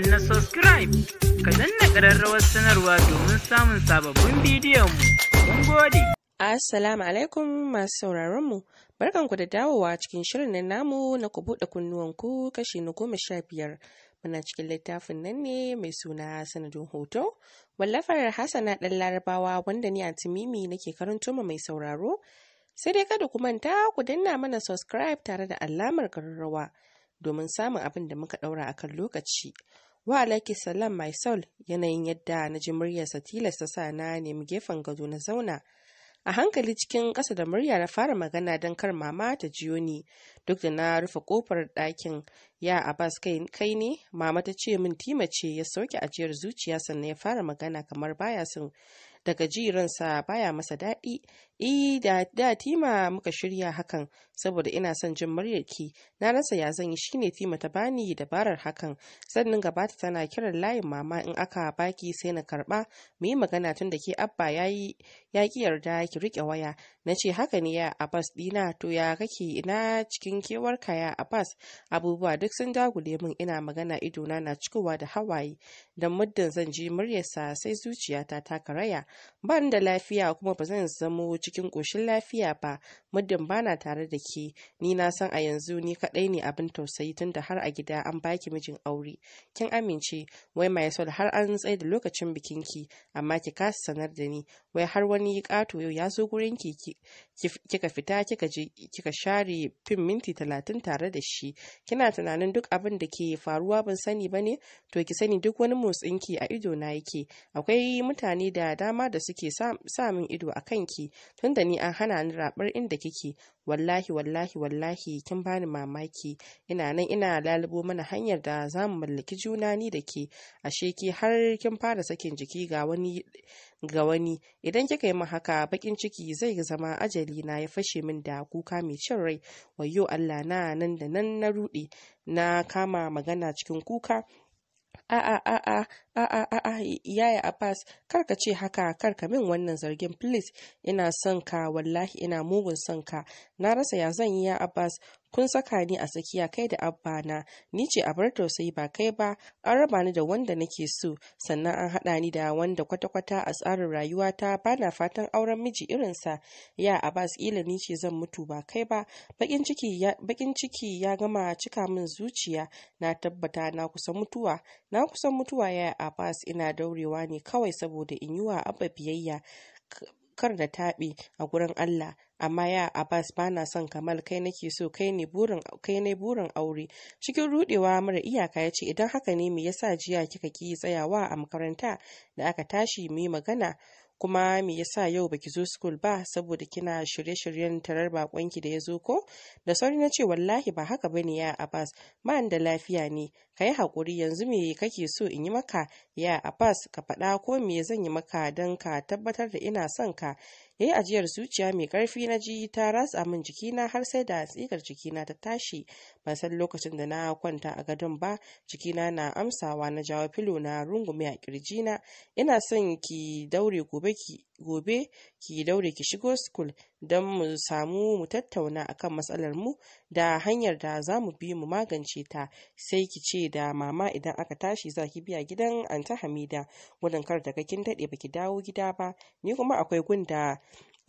na subscribe ka danna ƙararrawar sanarwa domin samun sababbin bidiyon mu. Mun gode. Assalamu alaikum masu sauraron mu. Barkanku da dawowa cikin shirin na namu na ku buɗe kunnuwanku kashi na goma sha biyar. Muna cikin littafin nan ne mai suna sanadin hoto. Wallafar Hassana ɗan Larabawa wanda ni a Timimi nake karanto mai sauraro. Sai dai kada ku manta ku danna mana subscribe tare da alamar ƙararrawa. domin samun abin da muka ɗaura a kan lokaci. Wa alaiki salam my soul yanayin yadda na ji muryarsa tilasta sa na nemi gefen gado na zauna. A hankali cikin ƙasa da murya na fara magana don kar mama ta jiyo ni duk da na rufe kofar ɗakin ya a kai kai ne mama ta ce min timace ya sauke ajiyar zuciya sannan ya fara magana kamar baya son daga jiransa baya masa daɗi E, da da tima muka shirya hakan saboda ina son jin muryarki na rasa ya zan yi shine tima ta bani dabarar hakan sannan gabata tana kiran layin mama in aka baki sai na karba mu yi magana tun da ke abba yayi ya ki yarda ki rike waya na ce haka ne ya abbas dina to ya kake ina cikin kewar ka kaya abbas abubuwa duk sun dagule min ina magana idona na cikowa da hawaye don muddin zan ji muryarsa sai zuciyata ta karaya ba da lafiya kuma ba zan zamo cikin ƙoshin lafiya ba muddin bana tare da ke ni na san a yanzu ni kaɗai ne abin tausayi tunda har a gida an baki mijin aure kin amince wai mai sol har an tsaye da lokacin bikinki amma ki kasa sanar da ni wai har wani wani ƙato ya zo gurin ki kika fita kika je kika share fim minti talatin tare da shi kina tunanin duk abin da ke faruwa ban sani ba ne to ki sani duk wani motsin ki a ido na yake akwai mutane da dama da suke sa min ido a kanki tunda ni an hana ni rabar inda kike Wallahi wallahi wallahi kin bani mamaki ina nan ina lalubo mana hanyar da za mu mallaki juna ni da ke ashe ki har kin fara sakin jiki ga wani ga wani idan kika yi min haka bakin ciki zai zama ajali na ya fashe min da kuka mai cin rai wayyo Allah na nan da nan na ruɗe na kama magana cikin kuka a'a a'a a'a a'a yaya Abbas kar ka ce haka kar ka min wannan zargin please ina son ka wallahi ina mugun son ka na rasa ya zan yi ya Abbas kun saka ni a tsakiya kai da abba na ni ce a bar tausayi ba kai ba an raba ni da wanda nake so sannan an haɗa ni da wanda kwata-kwata a tsarin rayuwata ba na fatan auren miji irinsa ya abbas ƙila ni ce zan mutu ba kai ba bakin ciki ya gama cika min zuciya na tabbata na kusa mutuwa na kusa mutuwa ya abbas ina daurewa ne kawai saboda in yi wa abba biyayya kar da taɓi a gurin Allah amma ya Abbas bana son Kamal kai nake so kai ne burin aure cikin rudewa mara iyaka ya ce idan haka ne me yasa jiya kika ki tsayawa a makaranta da aka tashi mu magana kuma me yasa yau baki zo school ba saboda kina shirye-shiryen tarar bakonki da ya zo ko da sauri na ce wallahi ba haka bane ya Abbas ba da lafiya ne ka yi haƙuri yanzu me kake so in yi maka ya Abbas ka faɗa ko me zan yi maka don ka tabbatar da ina son ka yayi eh, ajiyar zuciya mai karfi na ji ta ratsa min jikina har sai da tsigar jikina ta tashi ban san lokacin da na kwanta a gadon ba jikina na amsawa na jawo filo na rungume a kirjina ina son ki daure gobe ki gobe ki daure ki shigo school don mu samu mu tattauna akan matsalar mu da hanyar da za mu bi mu magance ta sai ki ce da mama idan aka tashi za ki biya gidan anta hamida wadanda kar da kin daɗe baki dawo gida ba ni kuma akwai gunda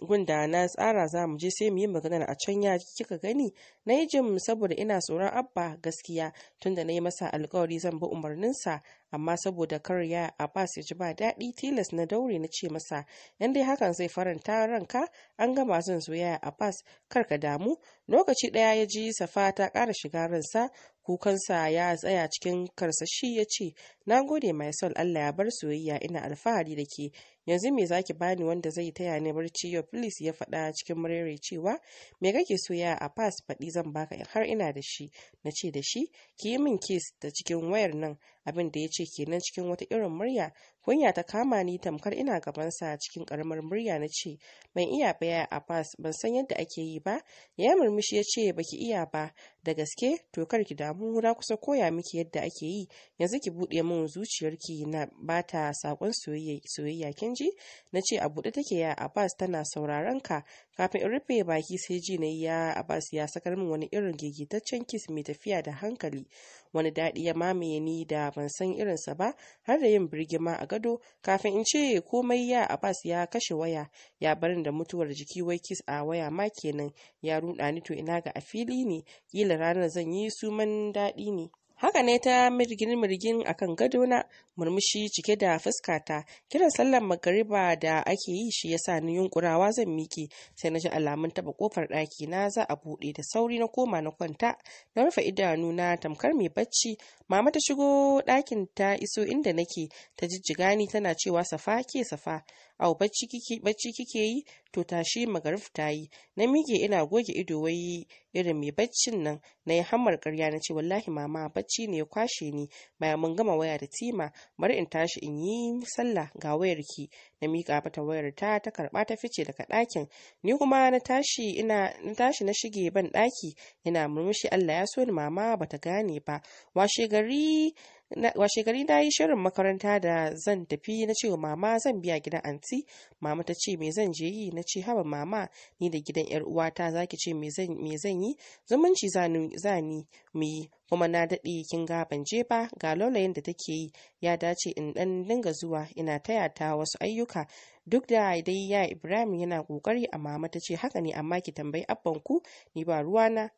gunda na tsara za mu je sai mu yi magana a can ya kika gani na yi jin saboda ina tsoron abba gaskiya tunda na yi masa alkawari zan bi umarninsa amma saboda kar ya abbas ya ji ba daɗi tilas na daure na ce masa yan dai hakan zai faranta ranka an gama zan zo a abbas kar ka damu lokaci ɗaya ya ji safa ta ƙara shiga ransa kukansa ya tsaya cikin karsashi ya ce na gode mai sol allah ya bar soyayya ina alfahari da ke yanzu me za zaki bani wanda zai taya ni barci yau please ya faɗa cikin murere cewa me kake so ya a pass faɗi zan baka har ina da shi na ce da shi ki yi min kiss da cikin wayar nan abin da ya ce kenan cikin wata irin murya kunya ta kama ni tamkar ina gabansa cikin karamar murya na ce ban iya baya a bas ban san yadda ake yi ba ya murmushi ya ce baki iya ba da gaske to kar ki damu na kusa koya miki yadda ake yi yanzu ki buɗe min zuciyarki na bata sakon soyayya kin ji na ce a buɗe take ya a bas tana sauraron ka kafin in rufe baki sai ji na ya abbas ya sakar min wani irin gigitaccen kis mai tafiya da hankali wani daɗi ya mamaye ni da ban san irinsa ba har da yin birgima a gado kafin in ce komai ya a abbas ya kashe waya ya barin da mutuwar jiki wai kis a waya ma kenan ya ruɗa ni to ina ga a fili ne kila ranar zan yi suman daɗi ne haka ne ta mirgin mirgin a akan gadona murmushi cike da fuskata kiran sallar magariba da ake yi shi ya sa ni yunkurawa zan miƙe sai na ji alamun taba kofar ɗaki na za a buɗe da sauri na koma na kwanta na rufe idanu na tamkar mai bacci Mama ta shigo ɗakin ta iso inda nake ta jijjiga ni tana cewa safa ke safa. Au bacci kike yi to tashi magarif ta yi. Na mige ina goge ido wai irin mai baccin nan na yi hammar ƙarya na ce wallahi mama bacci ne ya kwashe ni bayan mun gama waya da tima bari in tashi in yi sallah ga wayar ki na mika mata wayar ta ta karba ta fice daga ɗakin ni kuma na tashi ina na tashi na shige ban ɗaki ina murmushi Allah ya so ni mama bata gane ba washe gari Wa gari na yi shirin makaranta da zan tafi na ce mama zan biya gidan anti mama ta ce me zan je yi na ce haba mama ni da gidan yar uwata zaki ce me zan yi zumunci zani mu yi kuma na daɗe kin ga ban je ba ga lolayin da take yi ya dace in ɗan dinga zuwa ina taya ta wasu ayyuka duk da dai ya Ibrahim yana kokari amma mata ce haka ne amma ki tambayi abban ku ni ba ruwana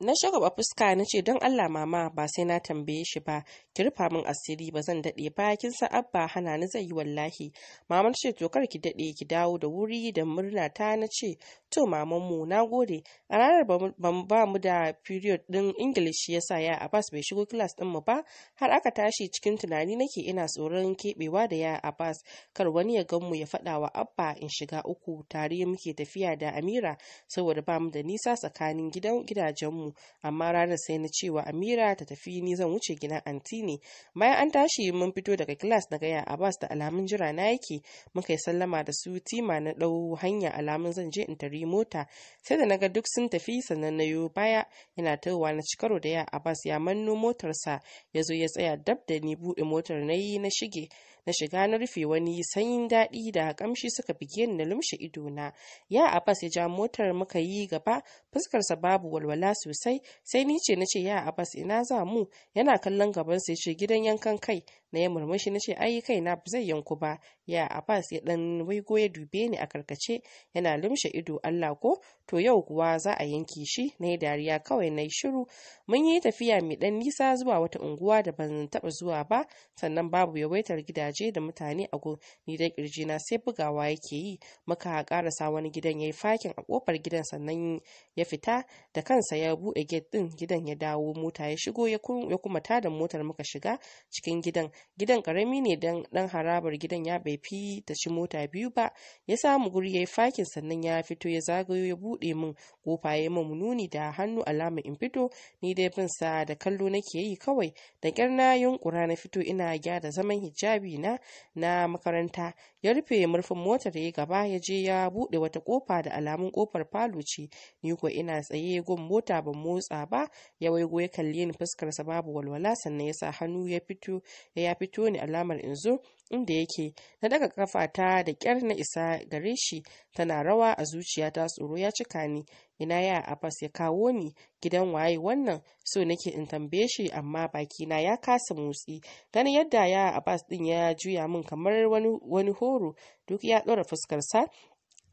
Na shagaba fuska na ce don Allah mama ba sai na tambaye shi ba, ki rufa min asiri ba zan dade ba kin san abba hana ni zai yi wallahi. Maman ce to kar ki dade ki dawo da wuri da murna ta na ce to maman mu na gode. A ranar ba mu da period ɗin English ya sa ya Abbas bai shigo class din mu ba har aka tashi cikin tunani nake ina tsoron keɓewa da ya Abbas kar wani ya gan mu ya faɗa wa abba in shiga uku tare muke tafiya da Amira saboda ba mu da nisa tsakanin gidajen mu. amma ranar sai na cewa amira ta tafi ni zan wuce gidan anti ne bayan an tashi mun fito daga glass na gaya a bas da alamun jira na yake muka yi sallama da su tima na ɗau hanya alamun zan je in tari mota sai da naga duk sun tafi sannan na yo baya yana tawa na cikaro da ya a bas ya manno motarsa ya zo ya tsaya dab da ni buɗe motar na yi na shige na shiga na rufe wani sanyin daɗi da kamshi suka bige ni na lumshe idona ya a bas ya ja motar muka yi gaba fuskarsa babu walwala sosai sosai sai ni ce na ce ya abbas ina za mu yana kallon gabansa ya ce gidan yankan kai na ya murmushi na ce ai kai na zai yanku ba ya abbas ya dan waigo ya dube ni a karkace yana lumshe ido allah ko to yau kuwa za a yanke shi na yi dariya kawai na yi shiru mun yi tafiya mai dan nisa zuwa wata unguwa da ban taba zuwa ba sannan babu yawaitar gidaje da mutane a go ni da kirji na sai bugawa yake yi muka karasa wani gidan ya yi fakin a kofar gidan sannan ya fita da kansa ya buɗe gate din gidan ya dawo mota ya shigo ya kuma tada motar muka shiga cikin gidan gidan karami ne dan dan harabar gidan ya bai fi ta ci mota biyu ba ya samu guri ya yi fakin sannan ya fito ya zagayo ya bude min kofa ya min nuni da hannu alama in fito ni dai bin sa da kallo nake yi kawai da kyar na yunkura na fito ina gyara zaman hijabi na na makaranta ya rufe murfin motar ya gaba ya je ya buɗe wata kofa da alamun kofar falo ce ni ko ina tsaye gun mota ban motsa ba ya waigo ya kalle ni fuskar sa babu walwala sannan ya sa hannu ya fito ya ya fito ne alamar in zo inda yake na daga kafata da kyar na isa gare shi tana rawa a zuciyata tsoro ya cika ni ina ya abbas ya kawo ni gidan waye wannan so nake in tambaye shi amma bakina ya kasa motsi ganin yadda ya a abbas din ya juya min kamar wani, wani horo duk ya ɗora fuskarsa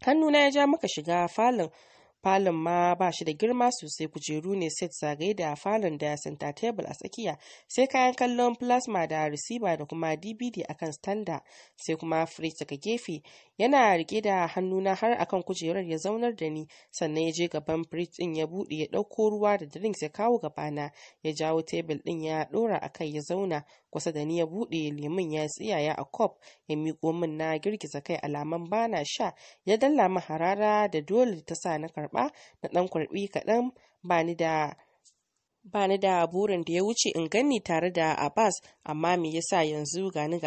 hannuna ya ja maka shiga falon falon ma ba shi da girma sosai kujeru ne set zagaye da falon da center table a tsakiya sai kayan kallon plasma da receiver da kuma dvd akan standa sai kuma fridge daga gefe yana rike da hannuna har akan kujerar ya zaunar da ni sannan ya je gaban fridge din ya buɗe ya ɗauko ruwa da drinks ya kawo gabana ya jawo table din ya ɗora a kai ya zauna kusa da ni ya buɗe lemun ya tsiyaya a cup ya miko min na girgiza kai alaman bana sha ya dalla min harara da dole ta sa na karba na ɗan kurbi kaɗan ba ni da ba ni da burin da ya wuce in gani tare da Abbas amma me yasa yanzu gani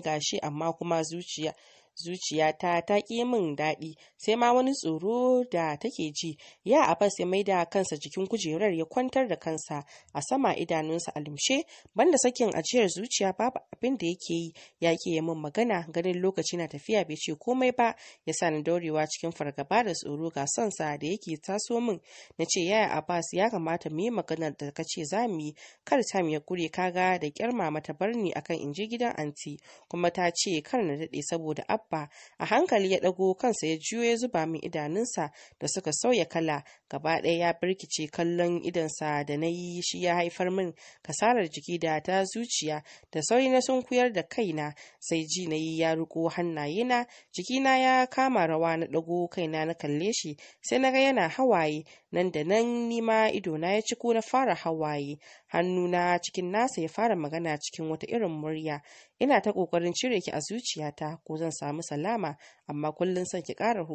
gashi amma kuma zuciya Zuciyata ta ƙi min daɗi, sai ma wani tsoro da take ji. Ya Abbas ya maida kansa jikin kujerar ya kwantar da kansa a sama idanunsa a lumshe, banda sakin ajiyar zuciya babu abin da yake yi, ya ke yi min magana ganin lokaci na tafiya bai ce komai ba, ya sa ni daurewa cikin fargaba da tsoro ga son sa da yake taso min. Na ce yaya Abbas ya kamata mu yi maganar da ka ce za mu yi, kar tam ya kure kaga da kyar mama ta bar akan in je gidan anti, kuma ta ce kar na daɗe saboda Abba. dabba a hankali ya ɗago kansa ya juyo ya zuba min idanunsa da suka sauya kala gaba ɗaya ya birkice kallon idonsa da na yi shi ya haifar min kasarar jiki da ta zuciya da sauri na sunkuyar da kaina sai ji na yi ya riko hannayena jikina ya kama rawa na ɗago kaina na kalle shi sai na ga yana hawaye nan da nan nima idona ya ciko na fara hawaye hannuna cikin nasa ya fara magana cikin wata irin murya ina ta ƙoƙarin cire ki a zuciyata ko zan samu salama amma kullum son ki ƙara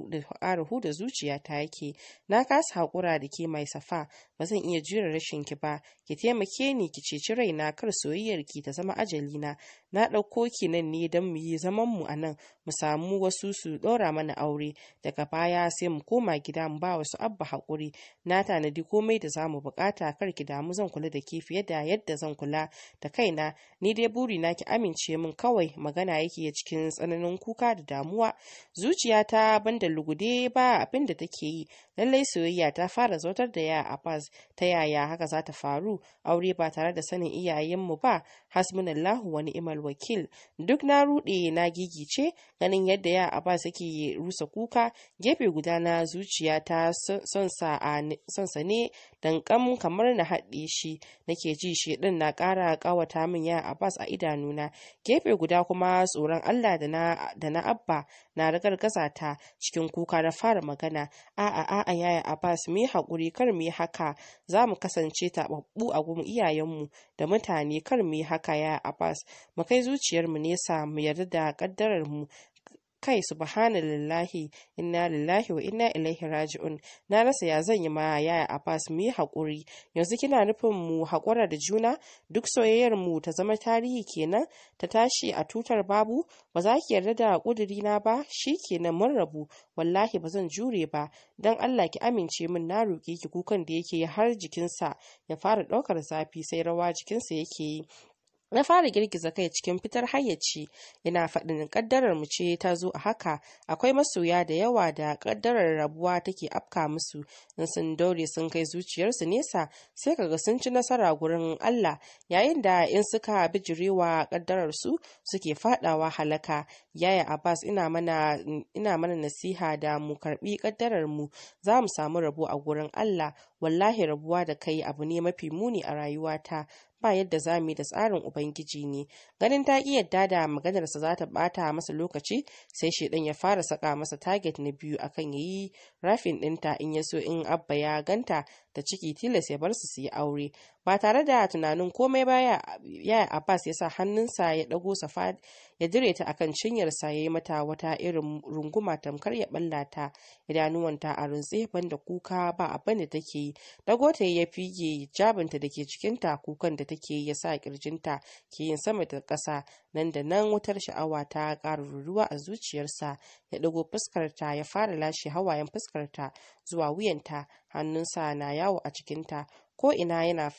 da zuciyata yake na kasa hakura da ke mai safa ba zan iya jure rashin ki ba ki taimake ni ki ceci raina kar soyayyar ki ta zama ajali na na ɗauko ki nan ne don mu yi zaman mu a nan mu samu wasu su ɗora mana aure daga baya sai mu koma gida mu ba wasu abba haƙuri na tanadi komai da za mu buƙata kar ki damu zan kula da ke fiye da yadda zan kula da kaina ni dai buri na ki amince min kawai magana yake cikin tsananin kuka da damuwa zuciya zuciyata banda lugude ba abin da take yi lallai soyayya ta fara zautar da ya abbas ta yaya haka za ta faru aure ba tare da sanin iyayenmu ba hasbunallahu wani imal alwakil duk na rude na gigice ganin yadda ya a bas yake rusa kuka gefe guda na zuciya ta sonsa ne dankam kamar na haɗe shi nake ji shi ɗin na ƙara ƙawata min ya abbas a idanuna gefe guda kuma tsoron allah da na abba na ragargaza ta cikin kuka na fara magana a'a a'a yaya abbas mu yi haƙuri kar mu yi haka za mu kasance taɓaɓɓu a gun iyayenmu da mutane kar mu yi haka yaya abbas mu kai zuciyarmu nesa mu yarda da ƙaddarar Kai subhanallahi inna lillahi wa inna ilaihi raji'un. Na rasa ya zan yi ma yaya Abbas mu yi haƙuri. Yanzu kina nufin mu haƙura da juna duk soyayyar mu ta zama tarihi kenan ta tashi a tutar babu ba za ki yarda da ƙuduri na ba shi kenan mun rabu wallahi ba zan jure ba dan Allah ki amince min na roƙi ki kukan da yake har jikinsa ya fara ɗaukar zafi sai rawa jikinsa yake yi na fara girgiza kai cikin fitar hayyaci Ina faɗin ƙaddarar mu ce ta zo a haka akwai masoya da yawa da ƙaddarar rabuwa take afka musu in sun dore sun kai zuciyarsu nesa sai kaga sun ci nasara gurin Allah yayin da in suka bijirewa ƙaddarar su suke faɗawa halaka yaya Abbas ina mana ina mana nasiha da mu karbi ƙaddarar mu za mu samu rabo a gurin Allah wallahi rabuwa da kai abu ne mafi muni a rayuwata ba yadda za mu yi da tsarin ubangiji ne ganin ta yadda da maganarsa za ta bata masa lokaci sai shedan ya fara saka masa target na biyu akan ya yi rafin ɗinta in ya so in abba ya ganta da ciki tilas ya bar su su yi aure ba tare da tunanin komai ba yaya abbas ya sa hannunsa ya ɗago safa ya dire ta akan sa ya yi mata wata irin runguma tamkar ya ballata idanuwanta a rintse banda kuka ba abin da take yi dago ta ya fige jabinta da ke cikinta kukan da take ya sa kirjinta ke yin sama da ƙasa nan da nan wutar sha'awa ta ƙara ruruwa a zuciyarsa ya ɗago fuskarta ya fara lashe hawayen fuskarta zuwa wuyanta hannunsa na yawo a cikinta ko'ina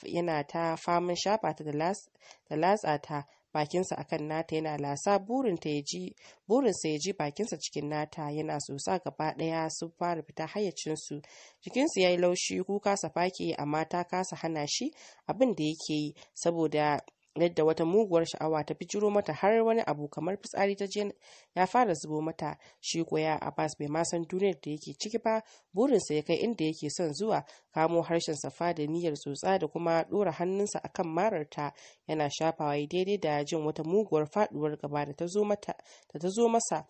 yana ta faman shafa ta da latsa ta bakinsa akan nata yana lasa burinsa ya ji bakinsa cikin nata yana sosa gaba ɗaya su fara fita hayyacinsu jikinsu ya yi laushi kuka safaki amma ta kasa hana shi abin da yake yi saboda yadda wata muguwar sha'awa ta jiro mata har wani abu kamar fitsari ta je ya fara zubo mata shi koya abbas bai ma san duniyar da yake ciki ba burinsa ya kai inda yake son zuwa kamo harshen safa da niyyar tsotsa da kuma dora hannunsa akan mararta yana shafawa daidai da jin wata muguwar faduwar gaba da ta zo masa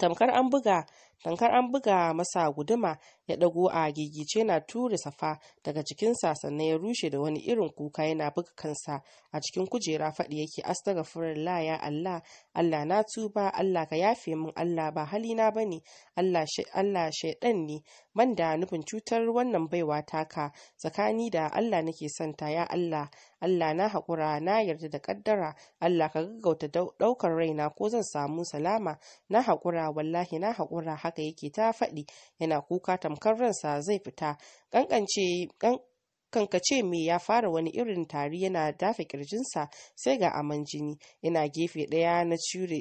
tamkar an buga tankar an buga masa guduma ya ɗago a gigice na ture safa daga cikin sannan ya rushe da wani irin kuka yana buga kansa a cikin kujera faɗi yake astaghfirullah ya Allah Allah na tuba Allah ka yafe min Allah ba hali na bane Allah Allah shaidan ne da nufin cutar wannan baiwa taka tsakani da Allah nake santa ya Allah Allah na hakura na yarda da ƙaddara Allah ka gaggauta ɗaukar raina ko zan samu salama na hakura wallahi na hakura haka yake ta faɗi yana kuka tamkar ransa zai fita kankance kankace me ya fara wani irin tari yana dafa kirjinsa sai ga aman jini ina gefe ɗaya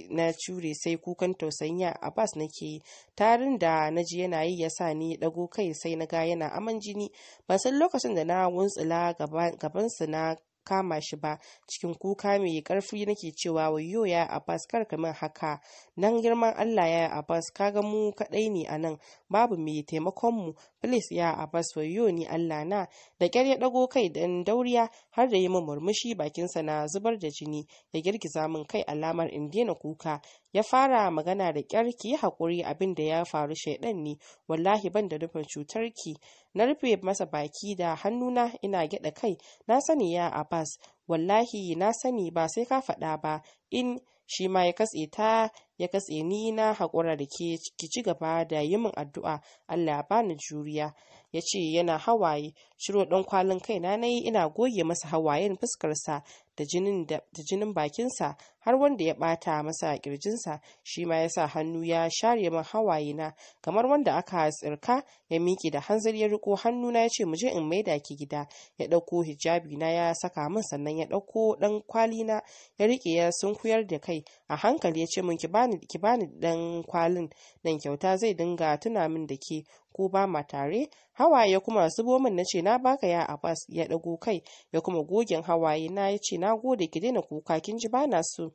na cure sai kukan tausayin a bas nake yi tarin da na ji yana yi ya sa ni ɗago kai sai na ga yana aman jini ban san lokacin da na wuntsula gabansa na kama shi ba cikin kuka mai karfi nake cewa wayyo ya Abbas kar ka min haka Nan girman Allah ya Abbas kaga mu kaɗai ne a nan babu mai taimakon mu please ya abbas wayo ni allah na da kyar ya ɗago kai dan dauriya har da yi min murmushi bakinsa na zubar da jini ya girgiza min kai alamar in daina kuka ya fara magana da kyar ki yi haƙuri abin da ya faru shaidan ne wallahi ban da nufin cutar ki na rufe masa baki da hannuna ina gyaɗa kai na sani ya abbas wallahi na sani ba sai ka faɗa ba in shi ma ya katse ta ya katse ni na haƙura da ke ki ci gaba da yi min addu'a Allah ba bani juriya ya ce yana hawaye shiro ɗan kwalin kaina na yi ina goge masa hawayen fuskarsa da jinin bakinsa har wanda ya ɓata masa kirjinsa shi ma ya hannu ya share min hawaye na kamar wanda aka tsirka ya miƙe da hanzari ya riko hannu na ya ce muje in mai da ki gida ya ɗauko hijabi na ya saka min sannan ya ɗauko ɗan kwali na ya riƙe ya sunkuyar da kai a hankali ya ce min ki ba bani ki bani dan kwalin nan kyauta zai dinga tuna min da ke ko ba ma tare hawaye kuma zubo min ce na baka ya Abbas ya dago kai ya kuma gogen hawaye na yace na gode ki daina kuka kin ji bana so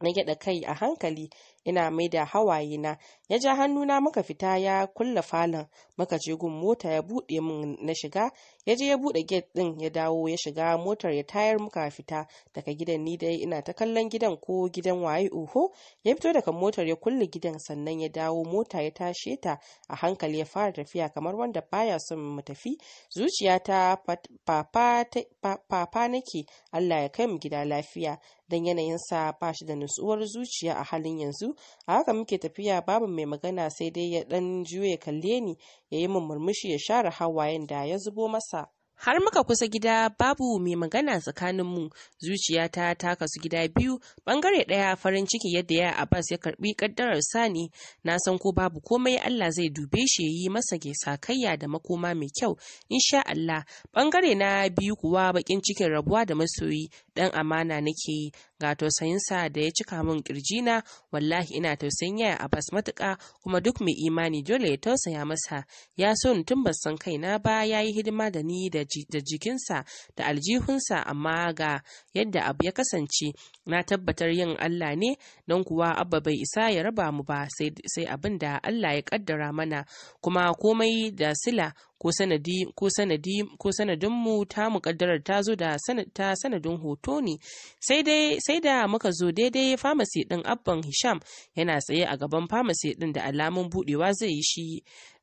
na gyada kai a hankali ina mai da hawaye na ya ja hannuna muka fita ya kulla falon muka je gun mota ya buɗe min na shiga ya je ya buɗe gate ɗin ya dawo ya shiga motar ya tayar muka fita daga gidan ni dai ina ta kallon gidan ko gidan waye oho ya fito daga motar ya kulle gidan sannan ya dawo mota ya tashe ta a hankali ya fara tafiya kamar wanda baya son mu tafi zuciyata papa nake Allah ya kai mu gida lafiya dan yanayinsa ba shi da nutsuwar zuciya a halin yanzu a haka muke tafiya babu mai magana sai dai ya dan juye kalle ni ya yi min murmushi ya share hawayen da ya zubo masa har muka kusa gida babu mai magana tsakanin mu zuciyata ta kasu gida biyu bangare daya farin ciki yadda ya abbas ya karbi kaddarar sani na san ko babu komai allah zai dube shi ya yi masa kayya da makoma mai kyau insha allah bangare na biyu kuwa bakin cikin rabuwa da masoyi dan amana nake yi ga tausayinsa da ya cika min na wallahi ina tausayin yaya a bas matuƙa kuma duk mai imani dole ya tausaya masa ya so ni tun ban san kaina ba ya yi hidima da ni da jikinsa da aljihunsa amma ga yadda abu ya kasance na tabbatar yin allah ne don kuwa abba bai isa ya raba mu ba sai abin da allah ya kaddara mana kuma komai da sila ko sanadi ko sanadin mu ta muƙaddarar ta zo da ta sanadin hoto ne sai da muka zo daidai famasi din abban hisham yana tsaye a gaban famasi din da alamun budewa zai yi shi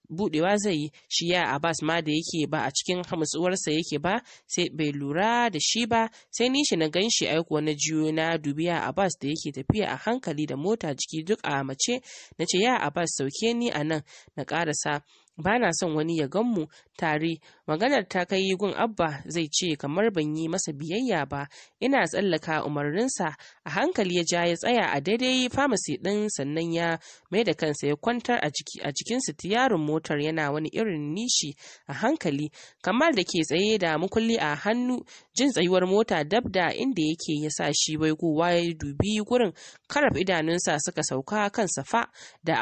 budewa zai yi shi ya abbas ma da yake ba a cikin hamsuwarsa yake ba sai bai lura da shi ba sai nishi na gan shi aiko na jiyo na dubiya bas abbas da yake tafiya a hankali da mota jiki duk a mace na ce ya bas sauke ni a nan na karasa Ba na son wani ya gan mu tare maganar ta kai gun abba zai ce kamar ban yi masa biyayya ba ina tsallaka umarninsa a hankali ya ja ya tsaya a daidai famasi ɗin sannan ya mai da kansa ya kwantar a cikin sitiyarin motar yana wani irin nishi a hankali kamar da ke tsaye da mukulli a hannu jin tsayuwar mota dab da inda yake ya sa shi baigowa ya dubi gurin karaf idanunsa suka sauka kan safa da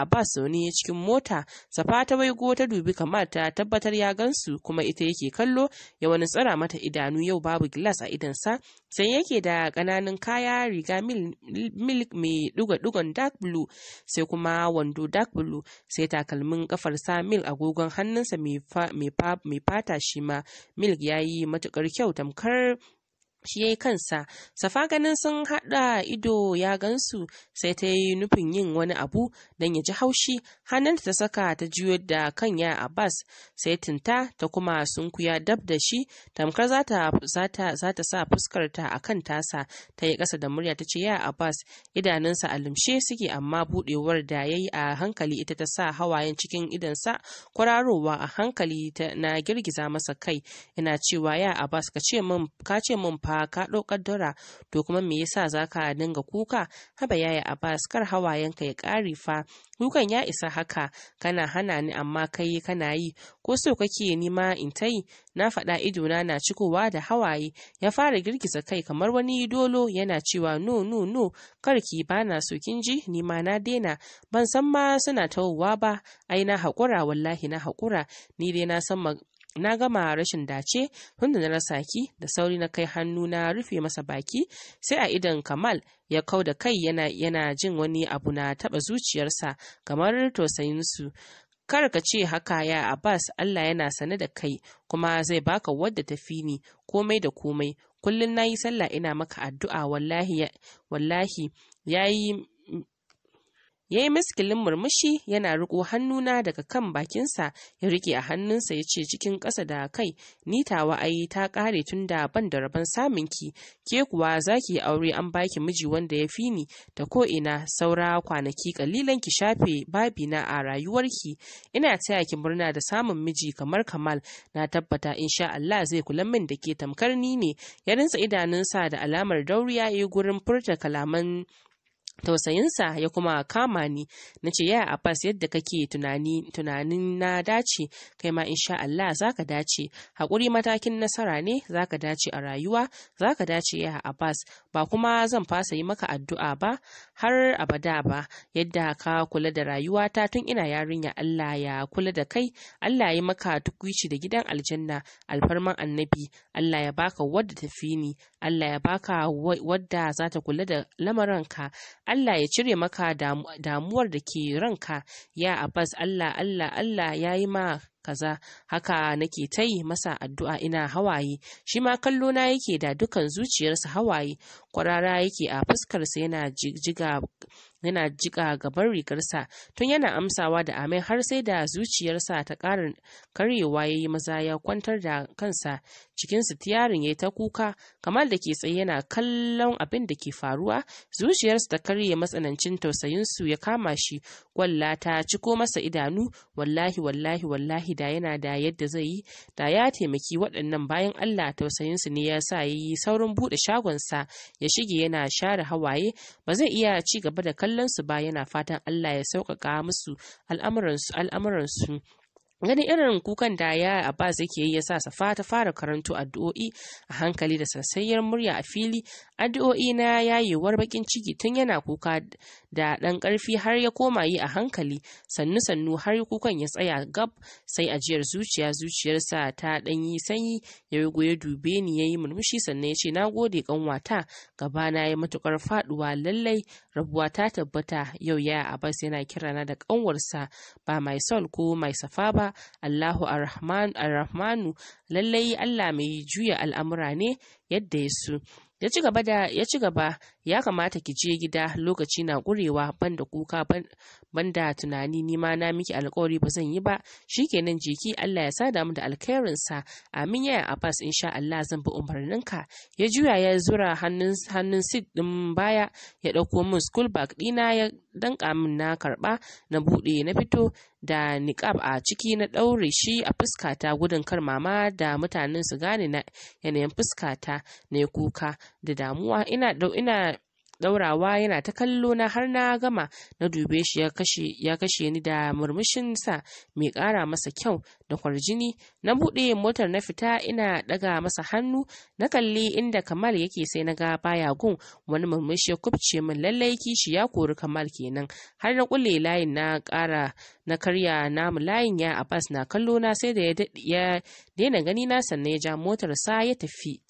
abba sauni cikin mota safa ta baigo ta dubi kamar ta tabbatar ya gansu su kuma ita yake kallo ya wani tsara mata idanu yau babu gilas a idansa sai yake da ƙananan kaya riga milk mai ɗiga dugan dark blue sai kuma wando dark blue sai takalmin kafarsa milk agogon hannunsa mai fata shi ma milk ya yi matukar kyau tamkar shi ya kansa safa ganin sun haɗa ido ya gansu sai ta yi nufin yin wani abu don ya ji haushi hannunta ta saka ta juyo da kan ya abbas sai tinta ta kuma sunkuya dab da shi tamkar za ta sa fuskarta a kan tasa ta yi ƙasa da murya ta ce ya abbas idanunsa a lumshe suke amma buɗewar da ya yi a hankali ita ta sa hawayen cikin idansa kwararowa a hankali na girgiza masa kai ina cewa ya abbas ka ce min fa ka ɗaukar dora, to kuma me yasa za ka dinga kuka haba yaya abbas kar hawayenka ya ƙare fa kukan ya isa haka kana hana ni amma kai kana yi ko so kake nima in ta yi na faɗa idona na cikowa da hawaye ya fara girgiza kai kamar wani dolo yana cewa no no no karki ba na so kin ji ni ma na daina ban san ma suna tawowa ba ai na haƙura wallahi na haƙura ni dai na san na gama rashin dace tunda na rasa ki da sauri na kai hannu na rufe masa baki sai a idan kamal ya kau da kai yana, yana jin wani abu na taba zuciyarsa kamar tausayinsu kar ka ce haka ya abbas allah yana sane da kai kuma zai baka wadda ta fi ni komai da komai kullum na yi sallah ina maka addu'a wallahi wallahi yayi ya yi miskilin murmushi yana riko hannuna daga kan bakinsa ya rike a hannunsa ya ce cikin ƙasa da kai ni tawa ai ta ƙare tun da ban da rabon samun ki ke kuwa za ki yi aure an baki miji wanda ya fi ni da ko ina saura kwanaki kalilan ki shafe babina a rayuwarki ina taya ki murna da samun miji kamar kamal na tabbata in sha Allah zai kula min da ke tamkar ni ne ya rinsa idanunsa da alamar dauriya ya yi gurin furta kalaman tausayinsa ya kuma kama ni na ce yaya abbas yadda kake tunani tunanin na dace kai ma insha Allah za ka dace haƙuri matakin nasara ne za ka dace a rayuwa za ka dace a abbas ba kuma zan fasa yi maka addu'a ba har abada ba yadda ka kula da rayuwa ta tun ina yarinya Allah ya kula da kai Allah ya maka tukwici da gidan aljanna alfarman annabi Allah ya baka wadda tafi ni Allah ya baka wadda za ta kula da lamaranka Allah ya cire maka damuwar da ke ranka ya Abbas Allah Allah Allah ya yi ma kaza haka nake ta yi masa addu'a ina hawaye shi ma kallo yake da dukan zuciyarsa hawaye kwarara yake a fuskarsa yana jijjiga yana jika gaban rigarsa tun yana amsawa da amai. har sai da zuciyarsa ta ƙara karyewa ya yi maza ya kwantar da kansa cikin sitiyarin ya ta kuka kamar da ke tsaye yana kallon abin da ke faruwa zuciyarsa ta karye matsanancin tausayinsu ya kama shi walla ta ciko masa idanu wallahi wallahi wallahi da yana da yadda zai yi da ya taimaki waɗannan bayan allah tausayinsu ne ya sa ya yi saurin buɗe shagonsa ya shige yana share hawaye ba zai iya ci gaba da kallon su ba yana fatan Allah ya sauƙaƙa musu al'amuransu al'amuransu ganin irin kukan da ya abbas yake yi ya sa safa ta fara karanto addu'o'i a hankali da sassayyar murya a fili addu'o'i na yayewar bakin ciki tun yana kuka da ɗan ƙarfi har ya koma yi a hankali sannu sannu har kukan ya tsaya gab sai ajiyar zuciya zuciyarsa ta ɗan yi sanyi ya rigo ya dube ni ya yi murmushi sannan ya ce na gode ƙanwata gabana ya matuƙar faɗuwa lallai rabuwa ta tabbata yau ya abbas yana kirana da ƙanwarsa ba mai sol ko mai safa ba allahu arrahmanu lallai allah mai juya al'amura ne yadda ya su ya ci gaba ya kamata ki je gida lokaci na ƙurewa banda kuka banda tunani nima na miki alƙawari ba zan yi ba shi shikenan jiki Allah ya sada mu da sa amin ya Abbas insha Allah zan bi umarninka ya juya ya zura hannun hannun sit din baya ya ɗauko min school bag ɗina ya danƙa min na karɓa na buɗe na fito da niƙab a ciki na daure shi a fuskata gudun kar mama da mutanen su gane na yanayin fuskata na kuka da damuwa ina ina ɗaurawa yana ta kallo na har na gama na dube shi ya kashe ni da murmushin sa mai ƙara masa kyau da kwarjini na buɗe motar na fita ina ɗaga masa hannu na kalli inda kamal yake sai na ga baya gun wani murmushi ya kubce min lallai kishi ya kori kamal kenan har na kule layin na ƙara na karya namu layin ya abbas na kallo na sai da ya daina gani na sannan ya ja motar sa ya tafi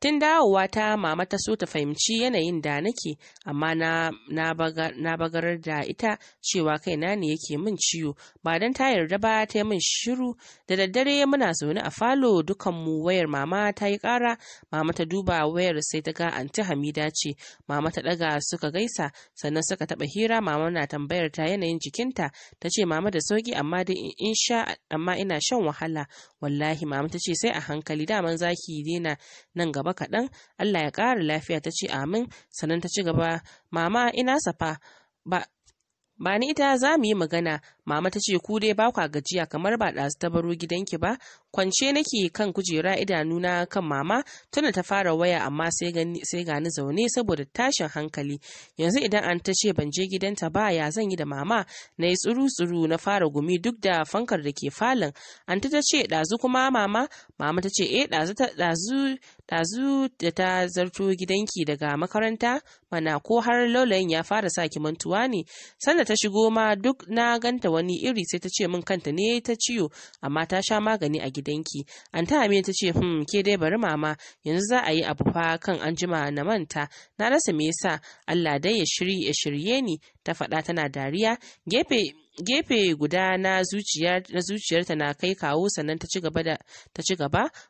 Tun dawowa ta mama ta so ta fahimci yanayin da nake amma na, bagar da ita cewa kaina ne yake min ciwo ba don ta yarda ba ta yi min shiru da daddare muna zaune a falo dukanmu wayar mama ta yi ƙara mama ta duba wayar sai ta ga anti hamida ce mama ta ɗaga suka gaisa sannan suka taɓa hira mama na tambayar ta yanayin jikinta ta ce mama da sauki amma dai in sha amma ina shan wahala wallahi mama ta ce sai a hankali daman zaki daina nan gaba gaba kaɗan Allah ya ƙara lafiya ta ce amin sannan ta ci gaba mama ina safa ba ni ita za mu yi magana Mama ta ce ku dai ba kwa gajiya kamar ba ɗazu ta baro gidanki ba, kwance nake kan kujera idanuna kan mama tana ta fara waya amma sai gani zaune saboda tashin hankali. Yanzu idan an ta ce ban je gidanta ba ya zan yi da mama na yi tsuru-tsuru na fara gumi duk da fankar da ke falon. An ta ce ɗazu kuma mama, mama ta ce eh ɗazu ɗazu da ta zarto gidanki daga makaranta mana ko har laulayin ya fara sa ki mantuwa ne. Sanda ta shigo ma duk na ganta wani iri sai ta ce min kanta ne ta ciwo amma ta sha magani a gidanki an ta ta ce hmm ke dai bari mama yanzu za a yi abu fa kan anjima na manta na rasa me yasa Allah dai ya shirye ya shirye ni ta faɗa tana dariya gefe gefe guda na zuciyarta na kai kawo sannan ta ci gaba da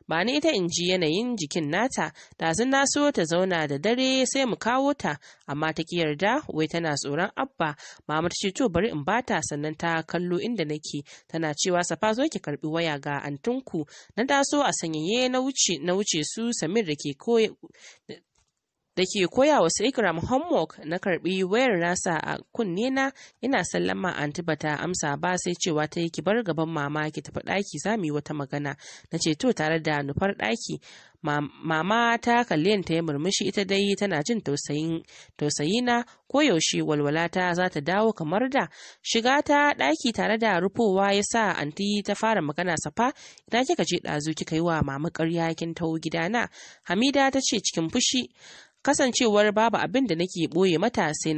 ba ni ita in ji yanayin jikin nata da sun na so ta zauna da dare sai mu kawo ta amma ta ki yarda wai tana tsoron abba mama ta ce to bari in bata sannan ta kallo inda nake tana cewa safa zo ki karbi waya ga antunku na taso a sanyaye na wuce na wuce su samir da ke da ke koya wa su homework na karbi wayar nasa a kunne na ina sallama anti bata amsa ba sai cewa ta yi ki bar gaban mama ki tafi ɗaki za yi wata magana na ce to tare da nufar ɗaki mama ta kalle ta yi murmushi ita dai tana jin tausayi na koyaushe walwalata za ta dawo kamar da shiga ta ɗaki tare da rufowa ya sa anti ta fara magana safa ina kika je ɗazu kika yi wa mama ƙarya kin taho gidana hamida ta ce cikin fushi kasancewar babu abin da nake ɓoye mata sai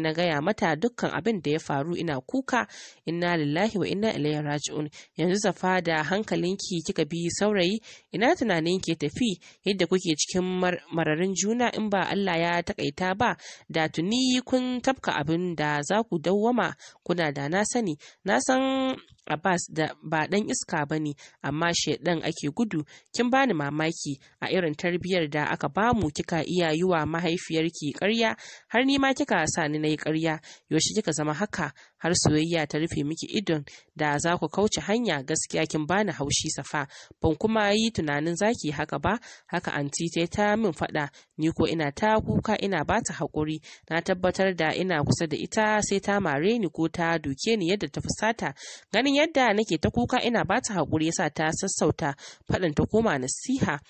na gaya mata dukkan abin da ya faru ina kuka ina lillahi wa inna ilaihi raji'un yanzu zafa da hankalinki kika bi saurayi ina tunanin ke tafi yadda kuke cikin mararin juna in ba Allah ya takaita ba da tuni kun tafka abin da za ku dawwama kuna da na sani na san Abbas da ba ɗan iska ba ne, amma shaidan ake gudu, kin bani mamaki a irin tarbiyyar da aka bamu kika iya yiwa mahaifiyarki ƙarya, har ni ma kika sa ni na yi ƙarya, yaushe kika zama haka, har soyayya ta rufe miki idon da za ku kauce hanya gaskiya kin bani haushi safa ban kuma yi tunanin zaki haka ba haka anti ta ta min faɗa ni ko ina ta kuka ina ba ta haƙuri na tabbatar da ina kusa da ita sai ta mare ni ko ta duke ni yadda ta fusata ganin yadda nake ta kuka ina ba ta haƙuri yasa ta sassauta faɗin ta koma nasiha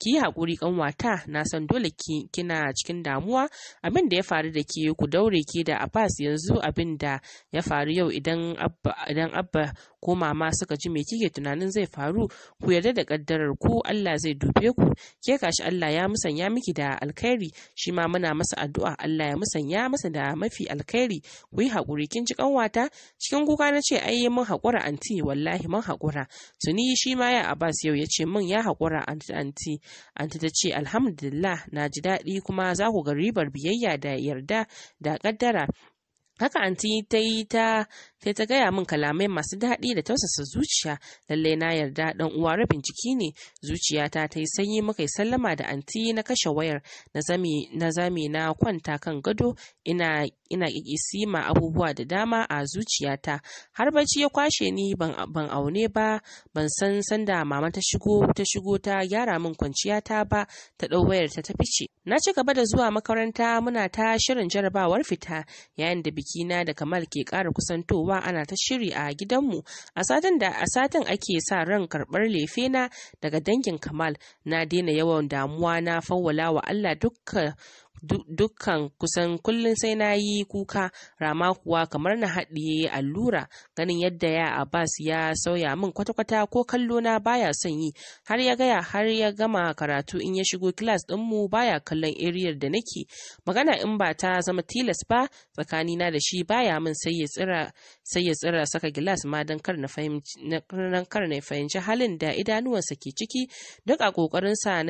ki yi haƙuri ƙanwata na san dole ki kina cikin damuwa abin da ya faru da ke ku daure ki da abas yanzu abin da ya faru yau idan abba idan abba ko mama suka ji me kike tunanin zai faru ku yarda da kaddarar ku Allah zai dube ku ke kashi Allah ya musanya miki da alkhairi shi ma muna masa addu'a Allah ya musanya masa da mafi alkhairi ku yi haƙuri kin ji ƙanwata cikin kuka na ce ai mun haƙura anti wallahi mun haƙura tuni shi ma ya Abbas yau ya ce mun ya haƙura anti anti Anti ta ce alhamdulillah na ji daɗi kuma za ku ga ribar biyayya da yarda da ƙaddara. Haka anti ta yi ta sai ta gaya min kalamai masu daɗi da tausasa zuciya lallai na yarda dan uwa rabin jiki ne zuciyata ta yi sanyi muka yi sallama da anti na kashe wayar na zame na kwanta kan gado ina ina sima abubuwa da dama a zuciyata har bacci ya kwashe ni ban aune ba ban san sanda mama ta shigo ta shigo ta gyara min kwanciyata ba ta ɗau wayar ta ta fice na ci gaba da zuwa makaranta muna ta shirin jarabawar fita yayin da bikina da kamal ke ƙara kusantowa ruwa ana ta shiri a gidanmu a satin da a satin ake sa ran karɓar na daga dangin kamal na daina yawan damuwa na fawwala wa allah dukkan dukkan kusan kullum sai na yi kuka rama kuwa kamar na haɗiye allura ganin yadda ya abbas ya sauya min kwata-kwata ko kallo na baya son yi har ya gaya har ya gama karatu in ya shigo kilas ɗinmu baya kallon eriyar da nake magana in ba ta zama tilas ba tsakanina da shi baya min sai ya tsira sai ya tsira saka gilas ma don kar na fahimci halin da idanuwansa ke ciki duk a ƙoƙarinsa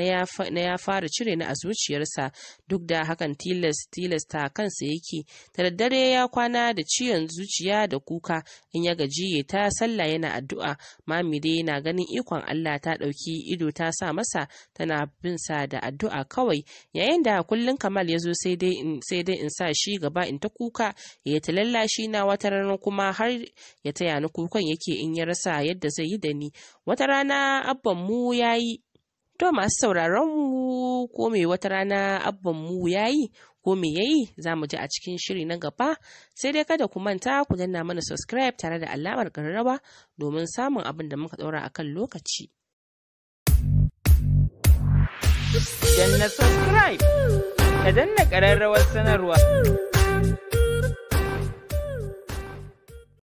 na ya fara cire ni a zuciyarsa duk da hakan tilas tilasta kansa yake da daddare ya kwana da ciwon zuciya da kuka in ya gaji gajiye ta sallah yana addu'a mami dai yana ganin ikon Allah ta ɗauki ido ta sa masa tana bin sa da addu'a kawai yayin da kullun Kamal ya zo sai dai in sa shi gaba in ta kuka ya ta lallashi na wata ranar kuma har ya taya ni kukan yake in ya rasa yadda zai yi da ni wata rana abban mu ya yi to masu sauraron mu ko me wata rana abban mu ya yi ko me yayi za mu ji a cikin shiri na gaba sai dai kada ku manta ku danna mana subscribe tare da alamar garraba domin samun abin da muka ɗora akan lokaci. Danna subscribe ka danna ƙararrawar sanarwa.